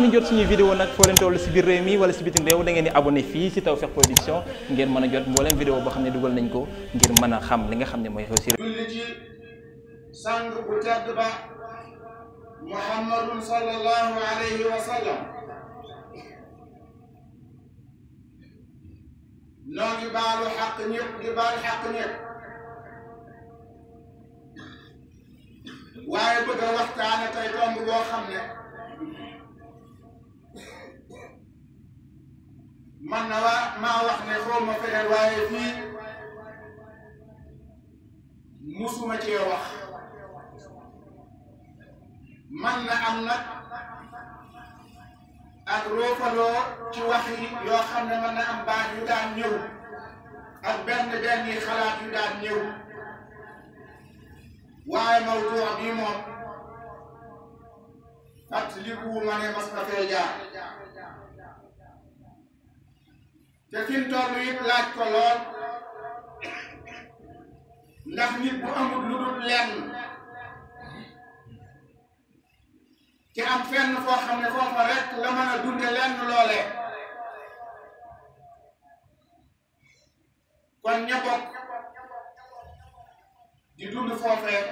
ngeen di jot suñuy si biir réew mi wala si bitim réew da ngeen di abonné fii si ngeen mën a jot mbooleem vidéo boo xam ne dugal ko mën a xam li nga xam ne mooy xew si réew mi baalu xaq ñëpp di baal xaq ñëpp waaye bëgg a waxtaane tey tomb boo xam ne man na waa maa wax ne foo ma feneen waaye fii musuma cee wax man na am nag ak roofaloo ci wax yoo xam ne mën na am baat yu daan ñëw ak benn benn xalaat yu daan ñëw waaye mawduu bi moom fàttaliku ma ne mas na fee jaar laaj ko lool ndax nit bu amul lu dul lenn te fenn foo xam ne foofa rek la mën a dunde lenn loole kon ña bokk di dund foofee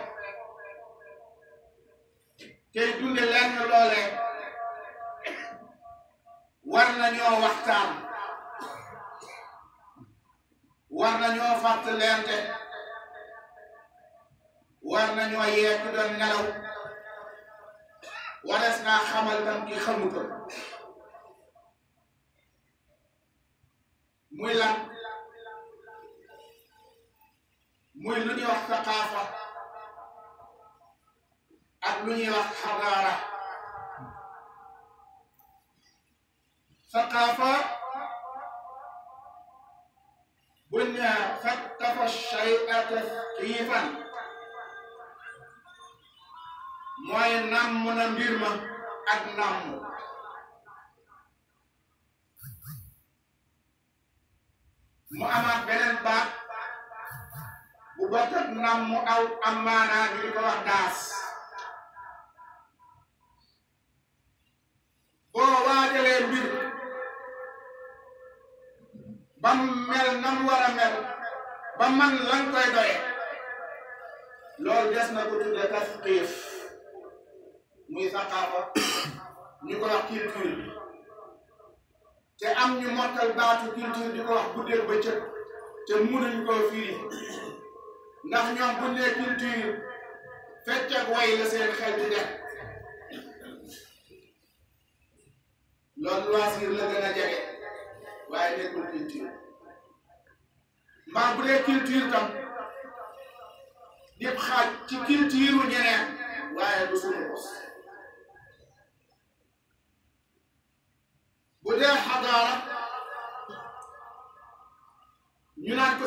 tey dunde lenn loole war nañoo waxtaan war nañoo fàttalente war nañoo yee ku doon nelaw warees naa xamal tam ki xamutoon muy lan muy lu ñuy wax lu ñuy wax xadaara saqaafa buñ ne fattafa shay'a tasqiifan mooy namm na mbir ma ak namm mu amaat beneen baat bu bokk ak namm aw amaanaa ñu di ko wax daas waajalee mbir ba mel nam war a mel ba man lan koy doye loolu des na ko tudde tasqiif muy saqaafa ñu ko wax culture bi te am ñu mottal baatu culture di ko wax guddee bëccëg ñoom bu nee culture fecc ak way la seen xel di def loolu loisir la gën a jege waaye nekkul culture mbaa bu dee culture tam ñëpp xaaj ci culture ñeneen waaye du suñu bu dee xadaara ñu naan ko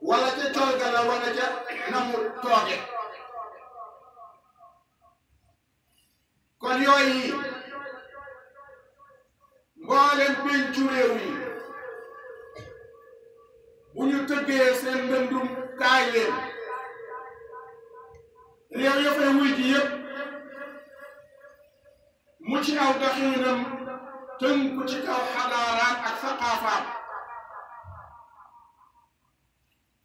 wala ca tool ga la wala ca namu tooge kon yooyu mboolem pencu réew yi bu ñu tëggee seen ndëndum kaay leen réew ya wuy ji yëpp mu ci aw doxinam tënku ci kaw xadaaraan ak saqaafaam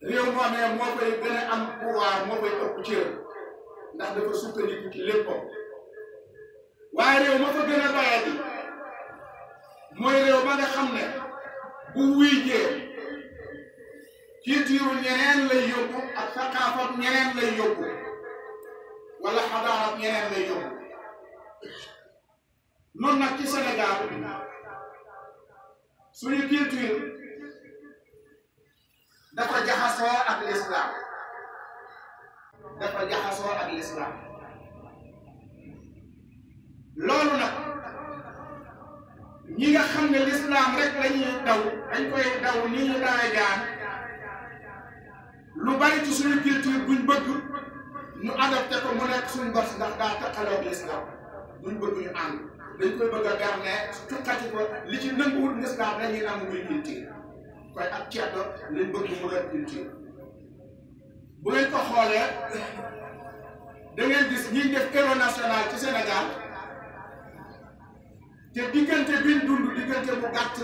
réew moo moo koy gën a am pouvoir moo koy ëpp cër ndax dafa sukkandiku ci léppam waaye réew ma fa gën a bàyyi mooy réew ba nga xam ne bu wiijee culture ñeneen lay yóbbu ak saqaafam ñeneen lay yóbbu wala xadaaram ñeneen lay yóbbu noonu nag ci Sénégal suñu culture dafa jaxasoo ak lislaam dafa jaxasoo ak lislaam loolu nag ñi nga xam ne lislaam rek la daw dañ koy daw ñu daan jaan lu bari ci suñu culture buñ bëgg ñu adopté ko mu nekk suñu bos ndax daa taqaloo lislaam buñ bëgg ñu ànd dañ koy bëgg a garne tuqati ko li ci nanguwul lislaam dañuy am muy culture waaye ak ceddo lañ bëgg mu doon culture bu lañ ko xoolee da ngay gis ñiy def héros national ci Sénégal te diggante biñ dund diggante bu gàtt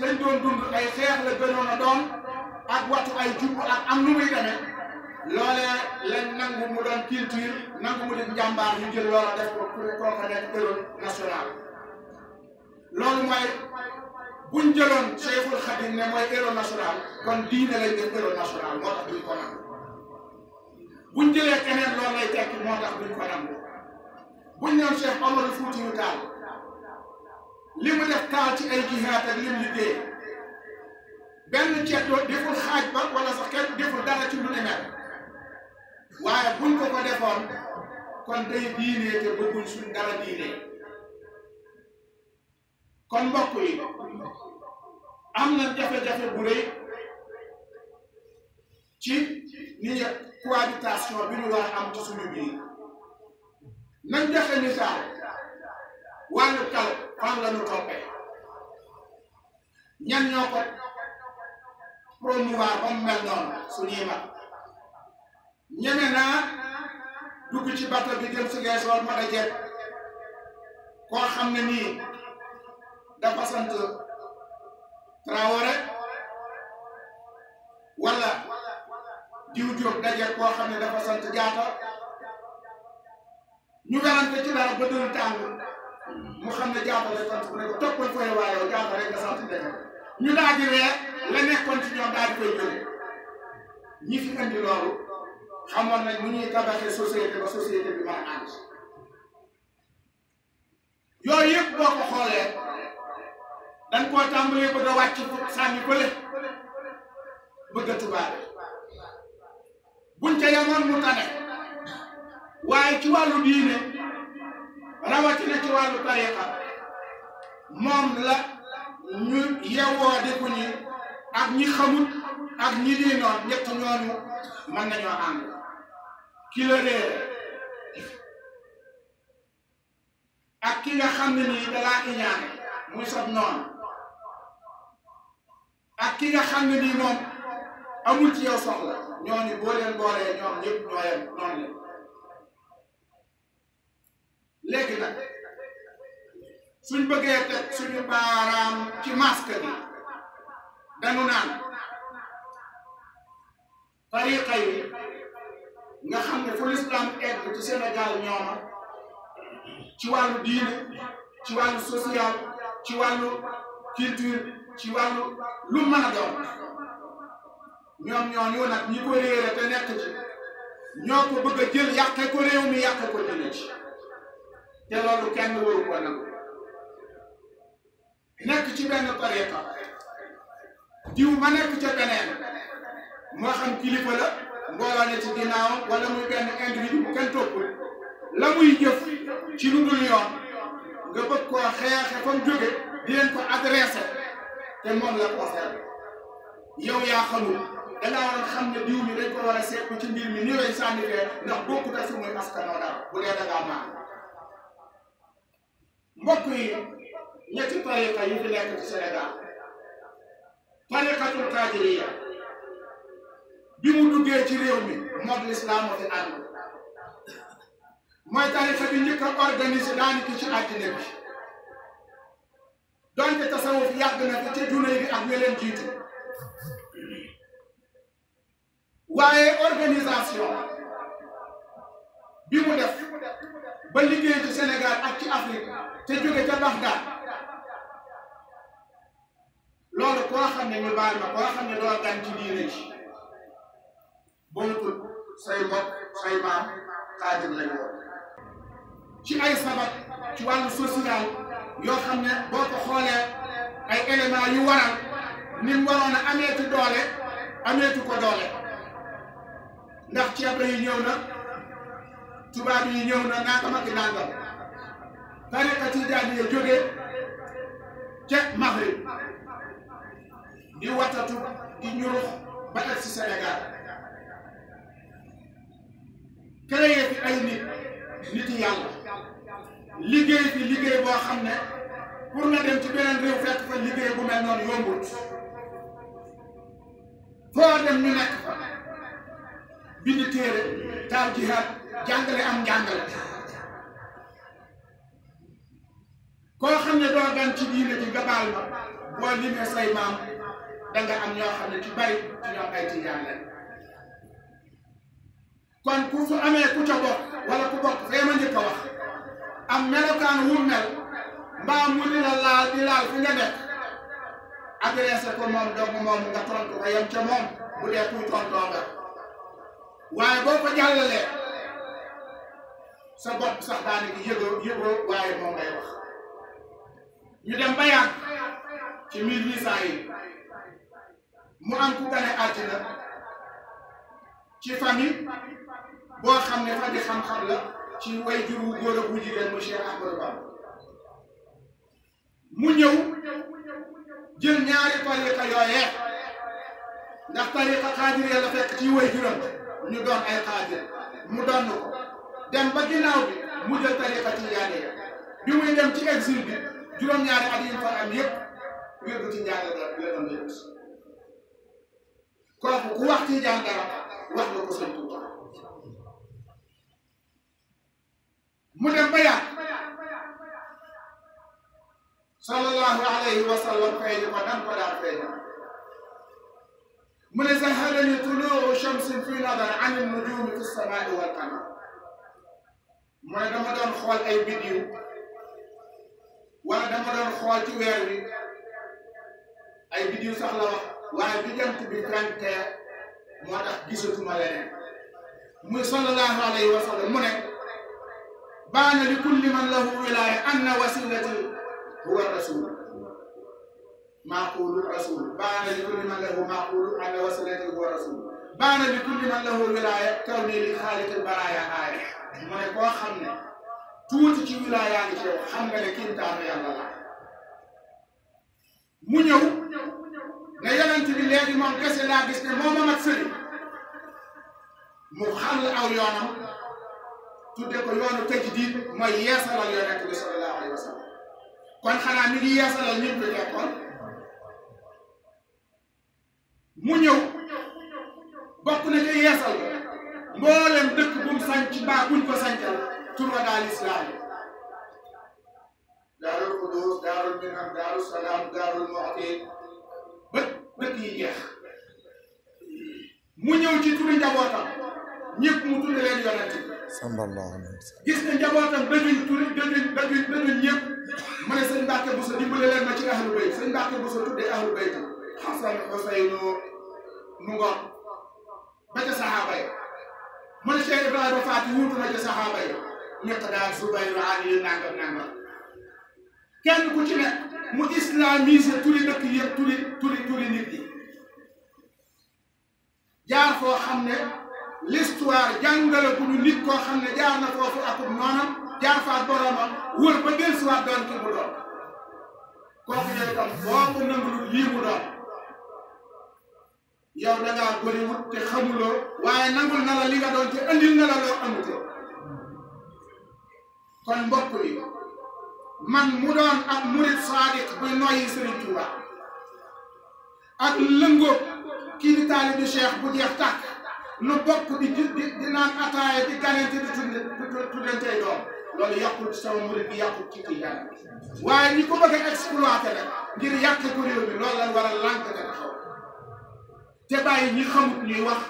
lañ doon dund ay xeex la gënoon a doon ak watu ay jubbu ak am nu muy demee. loolee lañ nangu mu doon culture nangu mu doon jàmbaar ñu jël loola def ko pour kooka nekk héros national loolu mooy buñ jëloon Cheikhul Khadim ne mooy héros national kon diine lañ def héros national moo tax duñ ko nangu buñ jëlee keneen loolu lay moo tax duñ ko nangu buñ ñoon Cheikh Omar Foutiyou Tall li mu def taal ci ay jihaat ak lim liggéey benn ceeb deful xaaj ba sax kenn deful dara ci lu ne waaye buñ ko ko defoon kon day diine te bëgguñ suñ dara diine kon mbokk yi am na jafe-jafe bu ci ni ñu war am ci suñu biir kal fan la ñu toppee ñan ñoo ko promouvoir ba mu mel noonu suñuy ñeme naa dugg ci bato bi jëm si Geesoor ma dajeeg koo xam ne nii dafa sant Traoré wala diw Diop dajeeg koo xam ne dafa sant Diatta ñu garante ci dara ba ne Diatta lay sant bu ñi fi loolu. xamoon nañ mu ñuy tabaxee société ba société bi mën yooyu yëpp boo ko xoolee dañ koo tàmbalee bëgg a wàcc sànni bële bëgg a tubaale buñ ca yamoon mu tane waaye ci wàllu diine rawatina ci wàllu tariqa moom la ñu yewoo di ku ñi ak ñi xamut ak ñi lii noon ñett mën nañoo ànd ki la réer ak ki nga xam ne nii iñaan muy sab noonu ak ki nga xam ne moom amul ci yow soxla ñooñu boo leen boolee ñoom ñëpp ñoo yem noonu la suñ bëggee teg suñu baaraam ci masque bi naan tariqa yi nga xam ne fu lislaam egg ci Sénégal ñooma ci wàllu diine ci wàllu social ci wàllu culture ci wàllu lu mën a doon ñoom ñooñu nag ñi ko réere te nekk ci ñoo ko bëgg a jël yàqe ko réew mi yàqe ko dina ci te loolu kenn waru ko nag nekk ci benn tariqa diw ma nekk ca beneen moo xam kilifa la mbooloo ne ci ginnaawam muy benn individu bu kenn toppul la muy jëf ci lu dul yoon nga bëgg koo xeexe fa mu jóge di leen ko adressé te moom la concerne yow yaa xamul dangaa war a xam ne diw mi dañ ko war a seetlu ci mbir mi nii lay sànni fee ndax bokkut ak fi muy askanoo daal bu dee dangaa maan mbokk yi ñetti tariqa yi fi nekk ci Sénégal tariqatul qadiriyya bi mu duggee ci réew mi moog lislaam moo fi ànd mooy tarixa bi njëkk a organisé daanaka ci àddina bi donte tasawuf yàgg na fi ca junne bi ak ña leen jiitu waaye organisation bi mu def ba liggéey ci Sénégal ak ci Afrique te jóge ca Bagdad loolu koo xam ne ñu baal ma koo xam ne doo gan ci diine ji bokkul say mbokk say maam xaajal lañ woon ci ay sabab ci wàllu social yoo xam ne boo ko xoolee ay éléments yu waral waroon a ameetu doole ameetu ko doole ndax ceeb yi ñëw na tubaab yi ñëw na nangam ak nangam tariqa tijaani ya jógee ca Maghrib di watatu di ñurux ba ak si Sénégal créé fi ay nit nit yàlla liggéey fi liggéey boo xam ne pour nga ci beneen réew fekk fa liggéey bu mel noonu yombut foo dem ñu nekk fa bind téere taal jihaad jàngale am jàngale koo xam ne doo gan ci diine ji gabaal ma boo limee say maam da am ñoo xam ne ci bari ci ñoom ay tijaan lañ kon ku fu amee ku ca bokk wala ku bokk fee ma njëkk a am melokaan wu mel mbaa mu di la laal di laal fi nga ko moom dong moom nga tontu ko moom bu dee kuy tontoo nga waaye boo ko jàllalee sa bopp sax daanaka yëgoo yëgoo waaye moom ngay ñu dem ba yàgg ci mille huit cent mu am ku gane àddina ci famille boo xam ne famille xam-xam la ci way jur wu góor ak wu jigéen monsieur Amadou Ba mu ñëw jël ñaari tariqa yooyee ndax tariqa xaadiree la fekk ci way juram ñu doon ay xaadir mu donn ko dem ba ginnaaw bi mu jël muy dem ci exil bi juróom-ñaari at yi am yëpp wér ci njàng la doon wér wax na ko sëñ Tuuba mu dem ba yàgg sallallahu alayhi wa sallam feeñ ko nan ko daan feeñ mu ne zaharani tuluu shamsin fi nadar an nujumi fi samaai wal qamar mu ne dama doon xool ay bidiw wala dama doon xool ci weer wi ay bidiw sax la wax waaye bi jant bi trente moo tax gisatuma leneen muy sallallahu alayhi wa mu ne baana li kulli man lahu wilaaya anna wasilati huwa rasul maaqulu rasul baana li kulli man lahu maaqulu anna wasilati huwa rasul baana li kulli man lahu wilaaya kaw nii li xaaliqil baraaya mu ne koo xam ne tuuti ci wilaayaa ngi ci yow ne kintaanu yàlla la mu ñëw ne yonent bi léegi moom kese laa gis ne moo ma mat sëriñ mu xàll aw yoonam tudde ko yoonu tëj diit mooy yeesalal yonent bi sallallahu alayhi wa sallam kon xanaa mi ngi yeesalal ñun bi fekkoon mu ñëw bokk na ca yeesal mboolem dëkk bu mu sanc mbaa ko sancal tur wa daal islaam daarul qudus daarul minam daarul salaam daarul muxti dëkk yi jeex mu ñëw ci turi njabootam ñëpp mu tudd leen yonent sallallahu alayhi wa sallam gis ne njabootam dañuy turi dañuy dañuy dañuy ñëpp mu ne sëñ Mbàkke Buso dimbale leen ma ci ahlu bayt sëñ Mbàkke Buso tuddee ahlu bayt Xasan Xuseynu nu nga ba ca saxaaba yi mu ne Cheikh Ibrahima Faati wuutu na ca saxaaba yi ñett daal Zubayru Ali nangam nangam kenn ku ci nekk mu islamiser turi dëkk yëpp turi turi nit ñi jaar foo xam ne l'histoire jàngale ku ñu nit koo xam ne jaar na foofu akub noonam jaar faat boroomam wër ba dellusiwaat doon ki bu doon kooku yooyu tam boo ko lii mu doon yow da ngaa bëriwut te xamuloo waaye nangul na la doon te andil na la kon mbokk yi man mu doon ak murit sadiq buy noyyi Serigne Touba ak lëngoog kii di taalibu Cheikh bu jeex tàkk lu bokk di di di naan ataaya di ganante di tudde di doom loolu yàqul sama murit bi yàqul ci kii waaye ñi ko bëgg a exploité nag ngir yàq ko réew mi loolu lañ a lànk te taxaw te bàyyi ñi xamut ñuy wax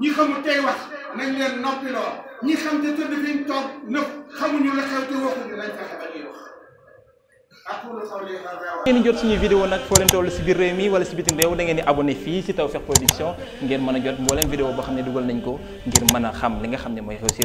ñi xamut tey wax nañ leen noppi lool ñi xam te tëdd fi toog nëpp xamuñu la xew te waxuñu lañ fexe ba ñuy wax ngeen jot suñuy vidéo nag foo leen toll si biir réew mi wala si bitim réew da ngeen di abonné fii si Tawfekh Production ngeen mën a jot mbooleem vidéo boo xam ne dugal nañ ko ngir mën a xam li nga xam ne mooy xew si